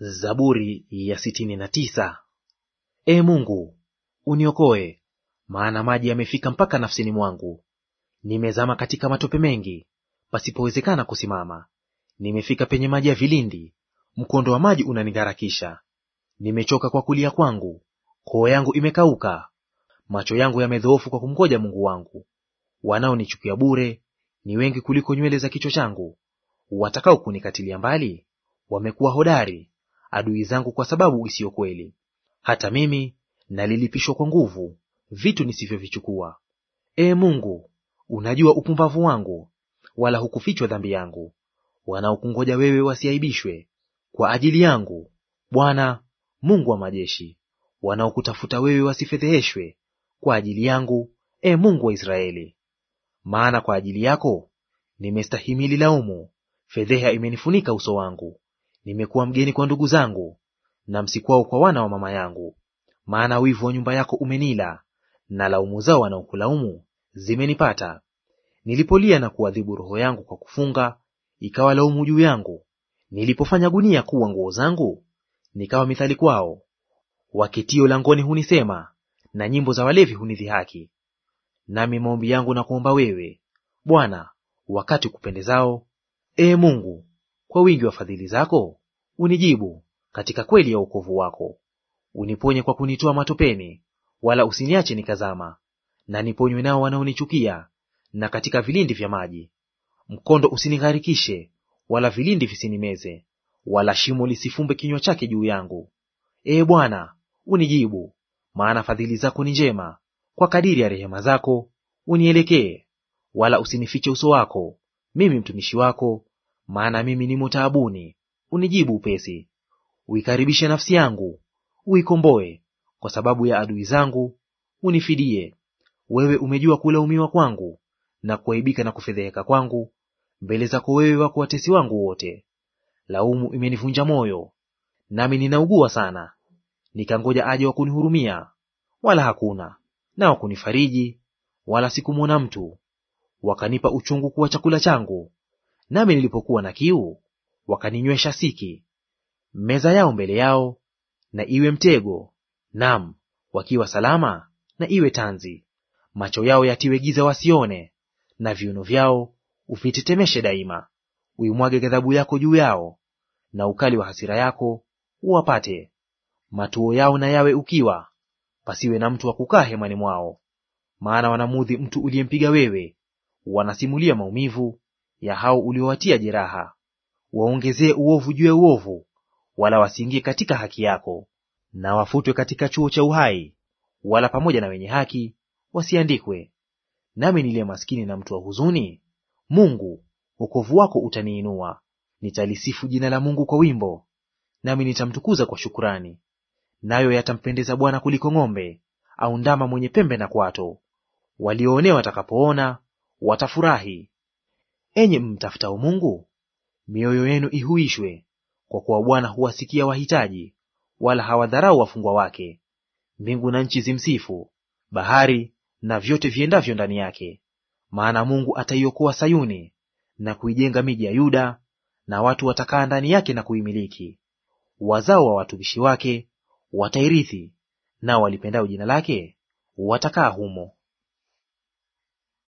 Zaburi ya sitini na tisa. E Mungu, uniokoe, maana maji yamefika mpaka nafsini mwangu. Nimezama katika matope mengi, pasipowezekana kusimama. Nimefika penye maji ya vilindi, mkondo wa maji unanigharakisha. Nimechoka kwa kulia kwangu, koo yangu imekauka, macho yangu yamedhoofu kwa kumngoja Mungu wangu. Wanaonichukia bure ni wengi kuliko nywele za kichwa changu; watakao kunikatilia mbali wamekuwa hodari adui zangu kwa sababu isiyo kweli. Hata mimi nalilipishwa kwa nguvu vitu nisivyovichukua. Ee Mungu, unajua upumbavu wangu, wala hukufichwa dhambi yangu. Wanaokungoja wewe wasiaibishwe kwa ajili yangu, Bwana Mungu wa majeshi. Wanaokutafuta wewe wasifedheheshwe kwa ajili yangu, ee Mungu wa Israeli. Maana kwa ajili yako nimestahimili laumu, fedheha imenifunika uso wangu. Nimekuwa mgeni kwa ndugu zangu, na msikwao kwa wana wa mama yangu. Maana wivu wa nyumba yako umenila, na laumu zao wanaokulaumu zimenipata. Nilipolia na kuadhibu roho yangu kwa kufunga, ikawa laumu juu yangu. Nilipofanya gunia kuwa nguo zangu, nikawa mithali kwao. Waketio langoni hunisema, na nyimbo za walevi hunidhihaki. Nami maombi yangu na kuomba wewe, Bwana, wakati kupendezao, Ee Mungu, kwa wingi wa fadhili zako unijibu katika kweli ya ukovu wako. Uniponye kwa kunitoa matopeni, wala usiniache nikazama. Na niponywe nao wanaonichukia, na katika vilindi vya maji. Mkondo usinigharikishe, wala vilindi visinimeze, wala shimo lisifumbe kinywa chake juu yangu. Ee Bwana, unijibu, maana fadhili zako ni njema; kwa kadiri ya rehema zako unielekee. Wala usinifiche uso wako, mimi mtumishi wako, maana mimi nimo taabuni unijibu upesi. Uikaribishe nafsi yangu, uikomboe kwa sababu ya adui zangu, unifidie. Wewe umejua kulaumiwa kwangu na kuaibika na kufedheheka kwangu; mbele zako wewe wako watesi wangu wote. Laumu imenivunja moyo, nami ninaugua sana. Nikangoja aje wa kunihurumia, wala hakuna; na wa kunifariji, wala sikumwona mtu. Wakanipa uchungu kuwa chakula changu, nami nilipokuwa na kiu, wakaninywesha siki. Meza yao mbele yao na iwe mtego, nam wakiwa salama na iwe tanzi. Macho yao yatiwe giza wasione, na viuno vyao uvitetemeshe daima. Uimwage ghadhabu yako juu yao, na ukali wa hasira yako uwapate. Matuo yao na yawe ukiwa, pasiwe na mtu wa kukaa hemani mwao. Maana wanamudhi mtu uliyempiga wewe, wanasimulia maumivu ya hao uliowatia jeraha waongezee uovu juu ya uovu, wala wasiingie katika haki yako. Na wafutwe katika chuo cha uhai, wala pamoja na wenye haki wasiandikwe. Nami niliye maskini na mtu wa huzuni, Mungu wokovu wako utaniinua. Nitalisifu jina la Mungu kwa wimbo, nami nitamtukuza kwa shukurani. Nayo yatampendeza Bwana kuliko ng'ombe au ndama mwenye pembe na kwato. Walioonewa watakapoona watafurahi. enye mmtafutao Mungu, mioyo yenu ihuishwe, kwa kuwa Bwana huwasikia wahitaji, wala hawadharau wafungwa wake. Mbingu na nchi zimsifu, bahari na vyote viendavyo ndani yake. Maana Mungu ataiokoa Sayuni na kuijenga miji ya Yuda, na watu watakaa ndani yake na kuimiliki. Wazao wa watumishi wake watairithi, nao walipendao jina lake watakaa humo.